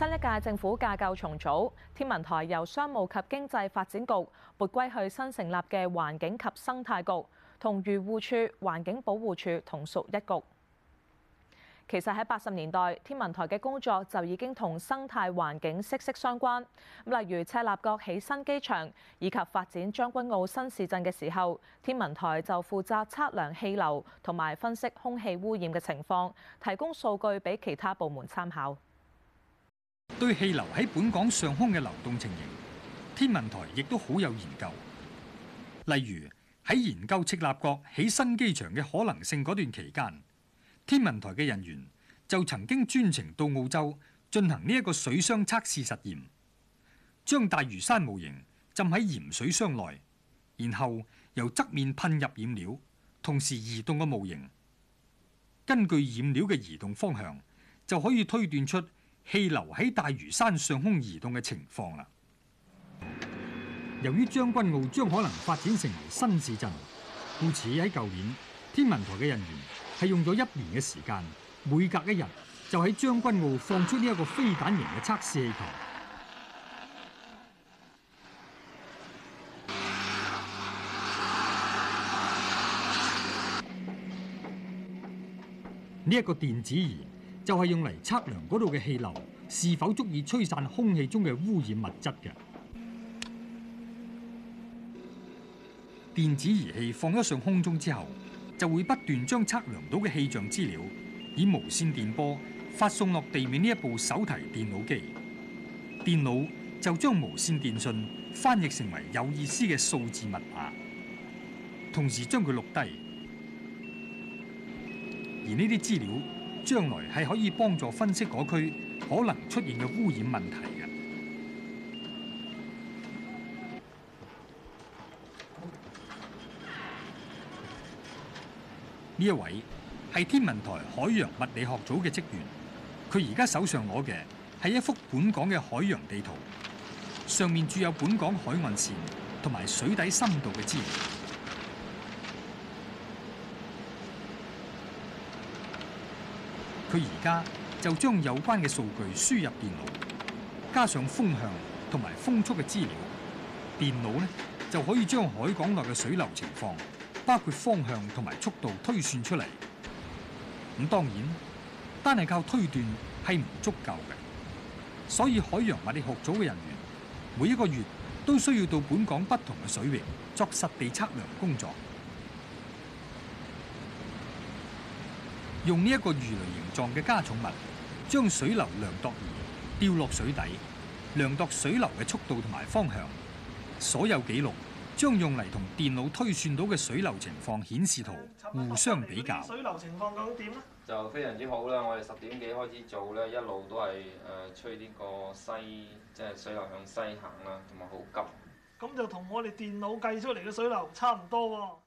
新一屆政府架構重組，天文台由商務及經濟發展局撥歸去新成立嘅環境及生態局同漁護處環境保護處同屬一局。其實喺八十年代，天文台嘅工作就已經同生態環境息息相關。例如赤鱲角起新機場以及發展將軍澳新市鎮嘅時候，天文台就負責測量氣流同埋分析空氣污染嘅情況，提供數據俾其他部門參考。對氣流喺本港上空嘅流動情形，天文台亦都好有研究。例如喺研究赤鱲角起新機場嘅可能性嗰段期間，天文台嘅人員就曾經專程到澳洲進行呢一個水箱測試實驗，將大嶼山模型浸喺鹽水箱內，然後由側面噴入染料，同時移動個模型。根據染料嘅移動方向，就可以推斷出。氣流喺大嶼山上空移動嘅情況啦。由於將軍澳將可能發展成為新市鎮，故此喺舊年，天文台嘅人員係用咗一年嘅時間，每隔一日就喺將軍澳放出呢一個飛彈型嘅測試氣球。呢一個電子儀。就係用嚟測量嗰度嘅氣流是否足以吹散空氣中嘅污染物質嘅。電子儀器放咗上空中之後，就會不斷將測量到嘅氣象資料以無線電波發送落地面呢一部手提電腦機，電腦就將無線電訊翻譯成為有意思嘅數字密碼，同時將佢錄低。而呢啲資料。將來係可以幫助分析嗰區可能出現嘅污染問題嘅。呢一位係天文台海洋物理學組嘅職員，佢而家手上攞嘅係一幅本港嘅海洋地圖，上面注有本港海岸線同埋水底深度嘅資料。佢而家就將有關嘅數據輸入電腦，加上風向同埋風速嘅資料，電腦呢就可以將海港內嘅水流情況，包括方向同埋速度推算出嚟。咁當然，單係靠推斷係唔足夠嘅，所以海洋物理學組嘅人員每一個月都需要到本港不同嘅水域作實地測量工作。用呢一個魚雷形狀嘅加重物，將水流量度儀掉落水底，量度水流嘅速度同埋方向。所有記錄將用嚟同電腦推算到嘅水流情況顯示圖互相比較。水流情況究竟點呢？就非常之好啦！我哋十點幾開始做咧，一路都係誒吹呢個西，即係水流向西行啦，同埋好急。咁就同我哋電腦計出嚟嘅水流差唔多。